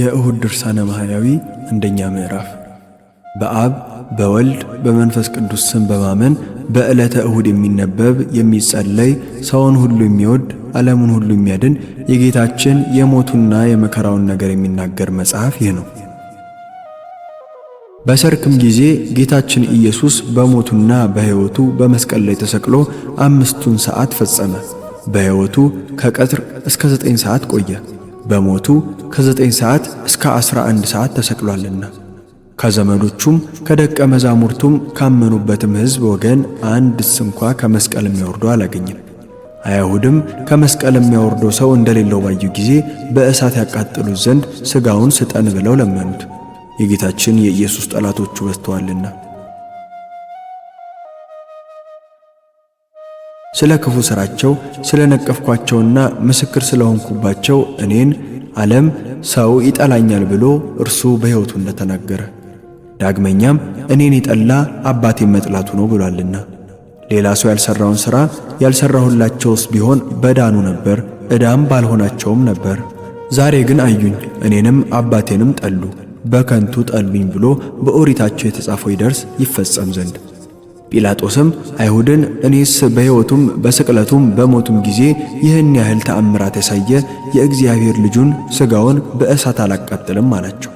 የእሁድ ድርሳነ ማህያዊ አንደኛ ምዕራፍ በአብ በወልድ በመንፈስ ቅዱስ ስም በማመን በዕለተ እሁድ የሚነበብ የሚጸለይ ሰውን ሁሉ የሚወድ ዓለሙን ሁሉ የሚያድን የጌታችን የሞቱና የመከራውን ነገር የሚናገር መጽሐፍ ይህ ነው። በሰርክም ጊዜ ጌታችን ኢየሱስ በሞቱና በሕይወቱ በመስቀል ላይ ተሰቅሎ አምስቱን ሰዓት ፈጸመ። በሕይወቱ ከቀትር እስከ ዘጠኝ ሰዓት ቆየ። በሞቱ ከ9 ሰዓት እስከ 11 ሰዓት ተሰቅሏልና ከዘመዶቹም ከደቀ መዛሙርቱም ካመኑበትም ሕዝብ ወገን አንድ ስንኳ ከመስቀል የሚያወርዶ አላገኝም። አይሁድም ከመስቀል የሚያወርዶ ሰው እንደሌለው ባዩ ጊዜ በእሳት ያቃጥሉት ዘንድ ሥጋውን ስጠን ብለው ለመኑት። የጌታችን የኢየሱስ ጠላቶቹ በዝተዋልና ስለ ክፉ ሥራቸው ስለ ነቀፍኳቸውና ምስክር ስለሆንኩባቸው እኔን ዓለም ሰው ይጠላኛል ብሎ እርሱ በሕይወቱ እንደተናገረ ዳግመኛም እኔን የጠላ አባቴ መጥላቱ ነው ብሏልና ሌላ ሰው ያልሠራውን ሥራ ያልሠራሁላቸውስ ቢሆን በዳኑ ነበር፣ ዕዳም ባልሆናቸውም ነበር። ዛሬ ግን አዩኝ፣ እኔንም አባቴንም ጠሉ፣ በከንቱ ጠሉኝ ብሎ በኦሪታቸው የተጻፈው ይደርስ ይፈጸም ዘንድ ጲላጦስም አይሁድን እኔስ በሕይወቱም በስቅለቱም በሞቱም ጊዜ ይህን ያህል ተአምራት ያሳየ የእግዚአብሔር ልጁን ሥጋውን በእሳት አላቃጥልም አላቸው።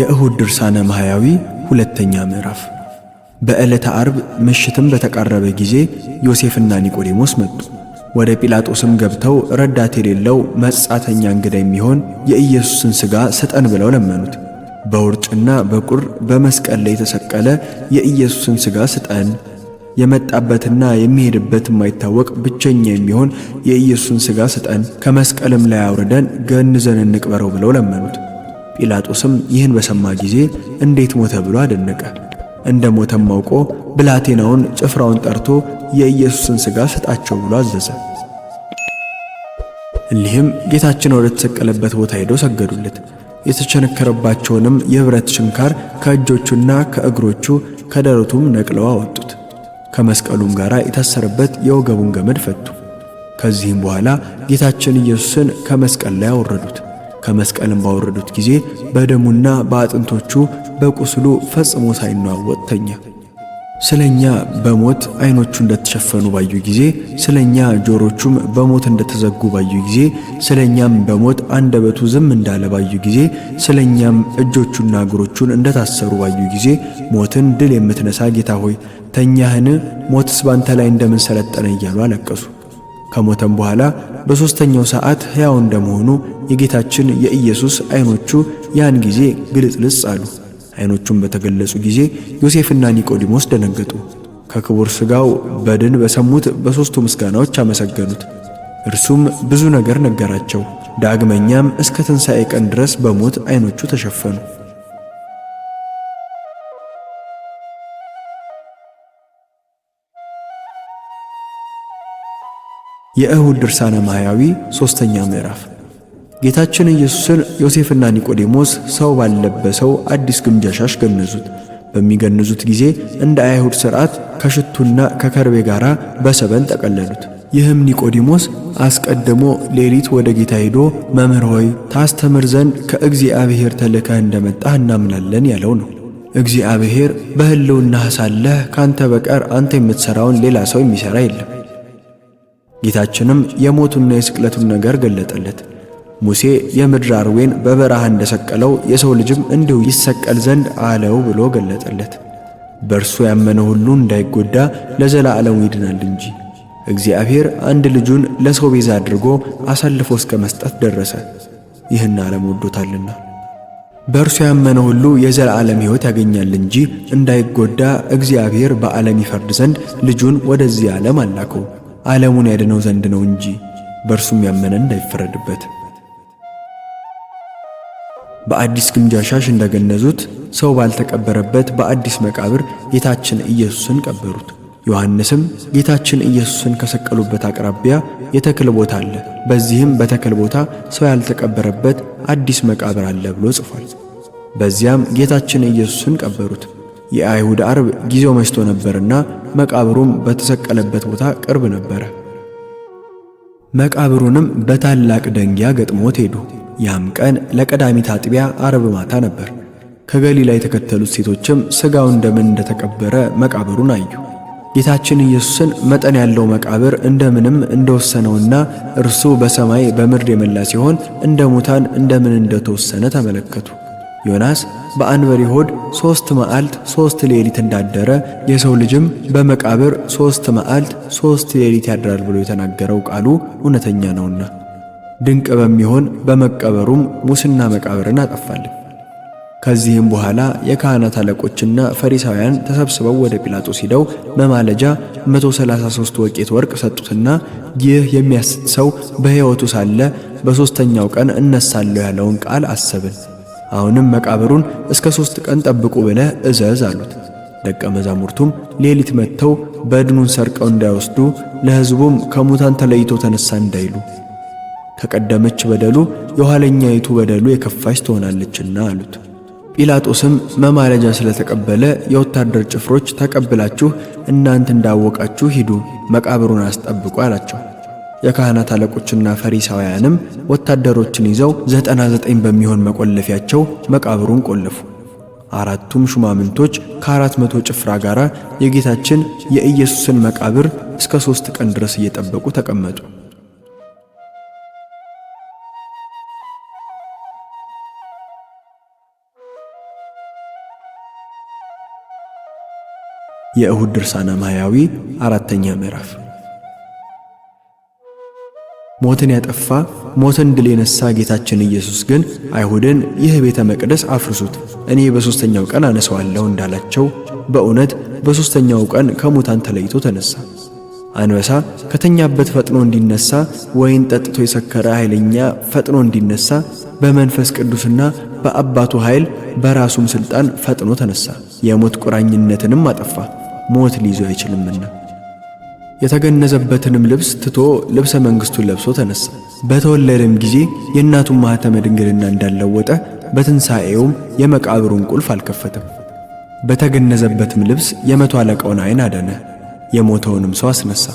የእሁድ ድርሳነ ማሕያዊ ሁለተኛ ምዕራፍ በዕለተ ዓርብ ምሽትም በተቃረበ ጊዜ ዮሴፍና ኒቆዴሞስ መጡ። ወደ ጲላጦስም ገብተው ረዳት የሌለው መጻተኛ እንግዳ የሚሆን የኢየሱስን ሥጋ ስጠን ብለው ለመኑት። በውርጭና በቁር በመስቀል ላይ የተሰቀለ የኢየሱስን ሥጋ ስጠን፣ የመጣበትና የሚሄድበት የማይታወቅ ብቸኛ የሚሆን የኢየሱስን ሥጋ ስጠን፣ ከመስቀልም ላይ አውርደን ገንዘን እንቅበረው ብለው ለመኑት። ጲላጦስም ይህን በሰማ ጊዜ እንዴት ሞተ ብሎ አደነቀ። እንደ ሞተም አውቆ ብላቴናውን ጭፍራውን ጠርቶ የኢየሱስን ሥጋ ስጣቸው ብሎ አዘዘ። እሊህም ጌታችን ወደ ተሰቀለበት ቦታ ሄደው ሰገዱለት። የተቸነከረባቸውንም የብረት ሽንካር ከእጆቹና ከእግሮቹ ከደረቱም ነቅለው አወጡት። ከመስቀሉም ጋር የታሰረበት የወገቡን ገመድ ፈቱ። ከዚህም በኋላ ጌታችን ኢየሱስን ከመስቀል ላይ አወረዱት። ከመስቀልም ባወረዱት ጊዜ በደሙና በአጥንቶቹ በቁስሉ ፈጽሞ ሳይነዋወጥ ተኛ። ስለኛ በሞት አይኖቹ እንደተሸፈኑ ባዩ ጊዜ ስለኛ ጆሮቹም በሞት እንደተዘጉ ባዩ ጊዜ ስለኛም በሞት አንደበቱ ዝም እንዳለ ባዩ ጊዜ ስለኛም እጆቹና እግሮቹን እንደታሰሩ ባዩ ጊዜ ሞትን ድል የምትነሳ ጌታ ሆይ ተኛህን? ሞትስ ባንተ ላይ እንደምን ሰለጠነ እያሉ አለቀሱ። ከሞተም በኋላ በሦስተኛው ሰዓት ሕያው እንደመሆኑ የጌታችን የኢየሱስ አይኖቹ ያን ጊዜ ግልጽልጽ አሉ። ዓይኖቹም በተገለጹ ጊዜ ዮሴፍና ኒቆዲሞስ ደነገጡ። ከክቡር ሥጋው በድን በሰሙት በሦስቱ ምስጋናዎች አመሰገኑት። እርሱም ብዙ ነገር ነገራቸው። ዳግመኛም እስከ ትንሣኤ ቀን ድረስ በሞት ዓይኖቹ ተሸፈኑ። የእሁድ ድርሳነ ማሕያዊ ሦስተኛ ምዕራፍ ጌታችን ኢየሱስን ዮሴፍና ኒቆዲሞስ ሰው ባለበሰው አዲስ ግምጃ ሻሽ ገነዙት። በሚገንዙት ጊዜ እንደ አይሁድ ሥርዓት ከሽቱና ከከርቤ ጋር በሰበን ጠቀለሉት። ይህም ኒቆዲሞስ አስቀድሞ ሌሊት ወደ ጌታ ሄዶ መምህር ሆይ ታስተምር ዘንድ ከእግዚአብሔር ተልከህ እንደመጣህ እናምናለን ያለው ነው። እግዚአብሔር በሕልውና ሳለህ ካንተ በቀር አንተ የምትሠራውን ሌላ ሰው የሚሠራ የለም። ጌታችንም የሞቱና የስቅለቱን ነገር ገለጠለት። ሙሴ የምድር አርዌን በበረሃ እንደሰቀለው የሰው ልጅም እንዲሁ ይሰቀል ዘንድ አለው ብሎ ገለጠለት። በእርሱ ያመነ ሁሉ እንዳይጎዳ ለዘላዓለሙ ይድናል እንጂ። እግዚአብሔር አንድ ልጁን ለሰው ቤዛ አድርጎ አሳልፎ እስከ መስጠት ደረሰ፣ ይህን ዓለም ወዶታልና። በእርሱ ያመነ ሁሉ የዘላለም ሕይወት ያገኛል እንጂ እንዳይጎዳ እግዚአብሔር በዓለም ይፈርድ ዘንድ ልጁን ወደዚህ ዓለም አላከው፣ ዓለሙን ያድነው ዘንድ ነው እንጂ በእርሱም ያመነ እንዳይፈረድበት። በአዲስ ግምጃ ሻሽ እንደገነዙት ሰው ባልተቀበረበት በአዲስ መቃብር ጌታችን ኢየሱስን ቀበሩት። ዮሐንስም ጌታችን ኢየሱስን ከሰቀሉበት አቅራቢያ የተክል ቦታ አለ፣ በዚህም በተክል ቦታ ሰው ያልተቀበረበት አዲስ መቃብር አለ ብሎ ጽፏል። በዚያም ጌታችን ኢየሱስን ቀበሩት። የአይሁድ አርብ ጊዜው መሽቶ ነበርና መቃብሩም በተሰቀለበት ቦታ ቅርብ ነበረ። መቃብሩንም በታላቅ ደንጊያ ገጥሞት ሄዱ። ያም ቀን ለቀዳሚት አጥቢያ አርብ ማታ ነበር። ከገሊላ የተከተሉት ሴቶችም ሥጋው እንደምን እንደተቀበረ መቃብሩን አዩ። ጌታችን ኢየሱስን መጠን ያለው መቃብር እንደምንም እንደወሰነውና እርሱ በሰማይ በምድር የመላ ሲሆን እንደ ሙታን እንደምን እንደተወሰነ ተመለከቱ። ዮናስ በአንበሪ ሆድ ሦስት መዓልት ሦስት ሌሊት እንዳደረ የሰው ልጅም በመቃብር ሦስት መዓልት ሦስት ሌሊት ያድራል ብሎ የተናገረው ቃሉ እውነተኛ ነውና ድንቅ በሚሆን በመቀበሩም ሙስና መቃብርን አጠፋልን። ከዚህም በኋላ የካህናት አለቆችና ፈሪሳውያን ተሰብስበው ወደ ጲላጦስ ሂደው መማለጃ 133 ወቄት ወርቅ ሰጡትና ይህ የሚያስት ሰው በሕይወቱ ሳለ በሦስተኛው ቀን እነሳለሁ ያለውን ቃል አሰብን፣ አሁንም መቃብሩን እስከ ሦስት ቀን ጠብቁ ብለህ እዘዝ አሉት። ደቀ መዛሙርቱም ሌሊት መጥተው በድኑን ሰርቀው እንዳይወስዱ ለሕዝቡም ከሙታን ተለይቶ ተነሳ እንዳይሉ ከቀደመች በደሉ የኋለኛይቱ በደሉ የከፋች ትሆናለችና አሉት። ጲላጦስም መማለጃ ስለተቀበለ የወታደር ጭፍሮች ተቀብላችሁ እናንተ እንዳወቃችሁ ሂዱ፣ መቃብሩን አስጠብቁ አላቸው። የካህናት አለቆችና ፈሪሳውያንም ወታደሮችን ይዘው ዘጠና ዘጠኝ በሚሆን መቆለፊያቸው መቃብሩን ቆለፉ። አራቱም ሹማምንቶች ከአራት መቶ ጭፍራ ጋር የጌታችን የኢየሱስን መቃብር እስከ ሦስት ቀን ድረስ እየጠበቁ ተቀመጡ። የእሁድ ድርሳነ ማህያዊ አራተኛ ምዕራፍ። ሞትን ያጠፋ ሞትን ድል የነሳ ጌታችን ኢየሱስ ግን አይሁድን ይህ ቤተ መቅደስ አፍርሱት፣ እኔ በሦስተኛው ቀን አነሳዋለሁ እንዳላቸው በእውነት በሦስተኛው ቀን ከሙታን ተለይቶ ተነሳ። አንበሳ ከተኛበት ፈጥኖ እንዲነሳ፣ ወይን ጠጥቶ የሰከረ ኃይለኛ ፈጥኖ እንዲነሳ በመንፈስ ቅዱስና በአባቱ ኃይል በራሱም ሥልጣን ፈጥኖ ተነሳ። የሞት ቁራኝነትንም አጠፋ፣ ሞት ሊይዞ አይችልምና። የተገነዘበትንም ልብስ ትቶ ልብሰ መንግሥቱን ለብሶ ተነሳ። በተወለደም ጊዜ የእናቱን ማኅተመ ድንግልና እንዳለወጠ በትንሣኤውም የመቃብሩን ቁልፍ አልከፈተም። በተገነዘበትም ልብስ የመቶ አለቃውን ዓይን አዳነ፣ የሞተውንም ሰው አስነሳ።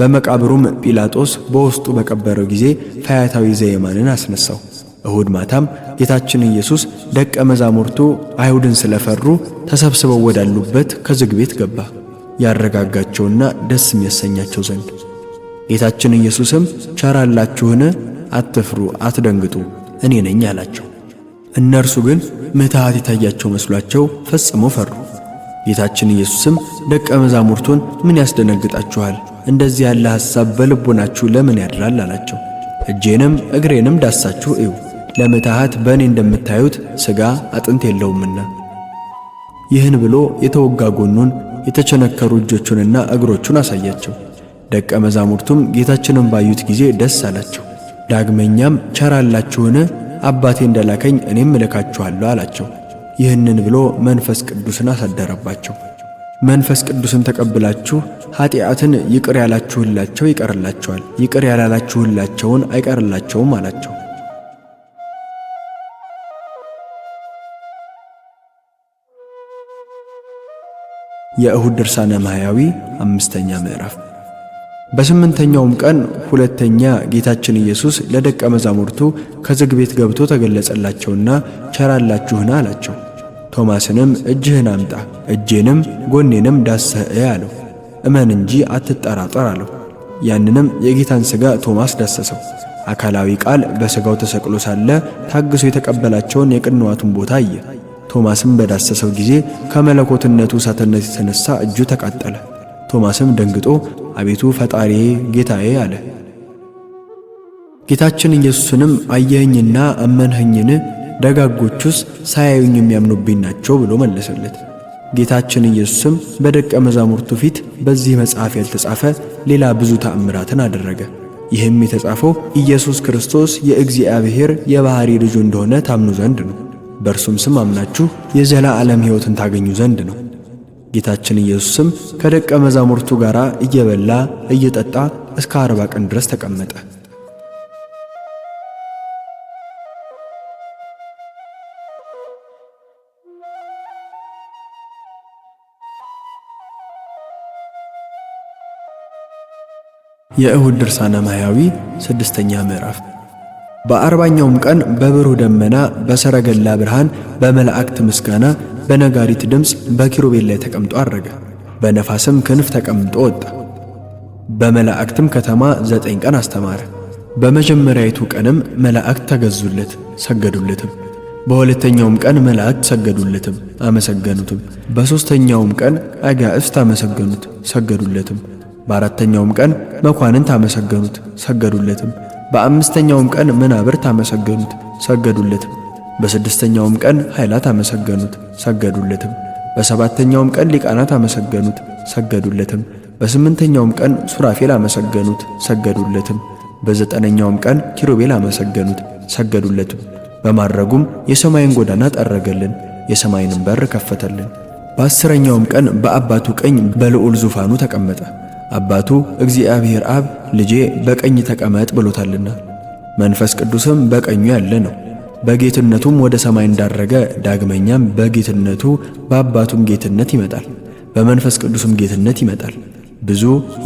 በመቃብሩም ጲላጦስ በውስጡ በቀበረው ጊዜ ፈያታዊ ዘየማንን አስነሳው። እሁድ ማታም ጌታችን ኢየሱስ ደቀ መዛሙርቱ አይሁድን ስለፈሩ ተሰብስበው ወዳሉበት ከዝግ ቤት ገባ ያረጋጋቸውና ደስ የሚያሰኛቸው ዘንድ። ጌታችን ኢየሱስም ቸራላችሁን፣ አትፍሩ፣ አትደንግጡ፣ እኔ ነኝ አላቸው። እነርሱ ግን ምትሃት የታያቸው መስሏቸው ፈጽሞ ፈሩ። ጌታችን ኢየሱስም ደቀ መዛሙርቱን ምን ያስደነግጣችኋል? እንደዚህ ያለ ሐሳብ በልቦናችሁ ለምን ያድራል? አላቸው። እጄንም እግሬንም ዳሳችሁ እዩ ለምትሃት በእኔ እንደምታዩት ሥጋ አጥንት የለውምና። ይህን ብሎ የተወጋ ጎኑን የተቸነከሩ እጆቹንና እግሮቹን አሳያቸው። ደቀ መዛሙርቱም ጌታችንን ባዩት ጊዜ ደስ አላቸው። ዳግመኛም ቸር አላችሁን? አባቴ እንደላከኝ እኔም እልካችኋለሁ አላቸው። ይህንን ብሎ መንፈስ ቅዱስን አሳደረባቸው። መንፈስ ቅዱስን ተቀብላችሁ ኃጢአትን ይቅር ያላችሁላቸው ይቀርላቸዋል፣ ይቅር ያላላችሁላቸውን አይቀርላቸውም አላቸው። የእሁድ ድርሳነ ማሕያዊ አምስተኛ ምዕራፍ። በስምንተኛውም ቀን ሁለተኛ ጌታችን ኢየሱስ ለደቀ መዛሙርቱ ከዝግ ቤት ገብቶ ተገለጸላቸውና ቸራላችሁና አላቸው። ቶማስንም እጅህን አምጣ፣ እጄንም ጎኔንም ዳስሰህ እይ አለው። እመን እንጂ አትጠራጠር አለው። ያንንም የጌታን ሥጋ ቶማስ ዳሰሰው። አካላዊ ቃል በሥጋው ተሰቅሎ ሳለ ታግሶ የተቀበላቸውን የቅንዋቱን ቦታ አየ። ቶማስም በዳሰሰው ጊዜ ከመለኮትነቱ እሳትነት የተነሳ እጁ ተቃጠለ። ቶማስም ደንግጦ አቤቱ ፈጣሪዬ፣ ጌታዬ አለ። ጌታችን ኢየሱስንም አየኸኝና አመንኸኝን? ደጋጎቹስ ሳያዩኝ የሚያምኑብኝ ናቸው ብሎ መለሰለት። ጌታችን ኢየሱስም በደቀ መዛሙርቱ ፊት በዚህ መጽሐፍ ያልተጻፈ ሌላ ብዙ ተአምራትን አደረገ። ይህም የተጻፈው ኢየሱስ ክርስቶስ የእግዚአብሔር የባሕሪ ልጁ እንደሆነ ታምኑ ዘንድ ነው። በእርሱም ስም አምናችሁ የዘላ ዓለም ሕይወትን ታገኙ ዘንድ ነው። ጌታችን ኢየሱስም ከደቀ መዛሙርቱ ጋር እየበላ እየጠጣ እስከ አርባ ቀን ድረስ ተቀመጠ። የእሁድ ድርሳነ ማሕያዊ ስድስተኛ ምዕራፍ በአርባኛውም ቀን በብሩህ ደመና በሰረገላ ብርሃን በመላእክት ምስጋና በነጋሪት ድምፅ በኪሩቤል ላይ ተቀምጦ አረገ። በነፋስም ክንፍ ተቀምጦ ወጣ። በመላእክትም ከተማ ዘጠኝ ቀን አስተማረ። በመጀመሪያይቱ ቀንም መላእክት ተገዙለት ሰገዱለትም። በሁለተኛውም ቀን መላእክት ሰገዱለትም አመሰገኑትም። በሦስተኛውም ቀን አጋዕዝት አመሰገኑት ሰገዱለትም። በአራተኛውም ቀን መኳንንት አመሰገኑት ሰገዱለትም። በአምስተኛውም ቀን መናብርት አመሰገኑት ሰገዱለትም። በስድስተኛውም ቀን ኃይላት አመሰገኑት ሰገዱለትም። በሰባተኛውም ቀን ሊቃናት አመሰገኑት ሰገዱለትም። በስምንተኛውም ቀን ሱራፌል አመሰገኑት ሰገዱለትም። በዘጠነኛውም ቀን ኪሩቤል አመሰገኑት ሰገዱለትም። በማድረጉም የሰማይን ጎዳና ጠረገልን፣ የሰማይንም በር ከፈተልን። በአስረኛውም ቀን በአባቱ ቀኝ በልዑል ዙፋኑ ተቀመጠ። አባቱ እግዚአብሔር አብ ልጄ በቀኝ ተቀመጥ ብሎታልና መንፈስ ቅዱስም በቀኙ ያለ ነው። በጌትነቱም ወደ ሰማይ እንዳረገ ዳግመኛም በጌትነቱ በአባቱም ጌትነት ይመጣል፣ በመንፈስ ቅዱስም ጌትነት ይመጣል። ብዙ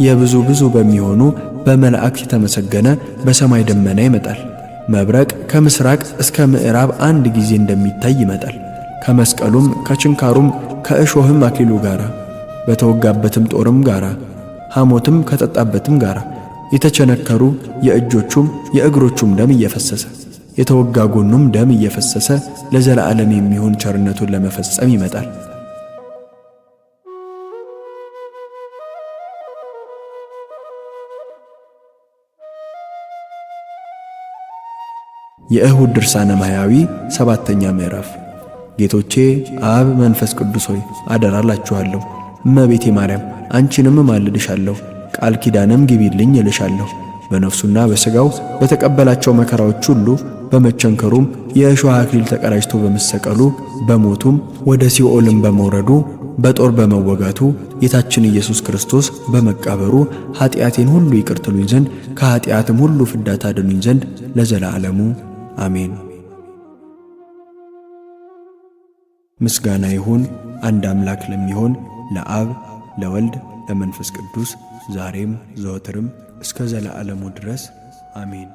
የብዙ ብዙ በሚሆኑ በመላእክት የተመሰገነ በሰማይ ደመና ይመጣል። መብረቅ ከምስራቅ እስከ ምዕራብ አንድ ጊዜ እንደሚታይ ይመጣል። ከመስቀሉም ከችንካሩም ከእሾህም አክሊሉ ጋራ በተወጋበትም ጦርም ጋራ ሐሞትም ከጠጣበትም ጋር የተቸነከሩ የእጆቹም የእግሮቹም ደም እየፈሰሰ የተወጋ ጎኑም ደም እየፈሰሰ ለዘላለም የሚሆን ቸርነቱን ለመፈጸም ይመጣል። የእሁድ ድርሳነ ማህያዊ ሰባተኛ ምዕራፍ ጌቶቼ አብ መንፈስ ቅዱስ ሆይ አደራላችኋለሁ እመቤቴ ማርያም አንቺንም እማልድሻለሁ፣ ቃል ኪዳንም ግቢልኝ እልሻለሁ። በነፍሱና በሥጋው በተቀበላቸው መከራዎች ሁሉ በመቸንከሩም የእሾህ አክሊል ተቀዳጅቶ በመሰቀሉ በሞቱም ወደ ሲኦልም በመውረዱ በጦር በመወጋቱ ጌታችን ኢየሱስ ክርስቶስ በመቃበሩ ኃጢአቴን ሁሉ ይቅርትሉኝ ዘንድ ከኃጢአትም ሁሉ ፍዳ ታድኑኝ ዘንድ ለዘላለሙ አሜን። ምስጋና ይሁን አንድ አምላክ ለሚሆን ለአብ ለወልድ ለመንፈስ ቅዱስ ዛሬም ዘወትርም እስከ ዘላዓለሙ ድረስ አሜን።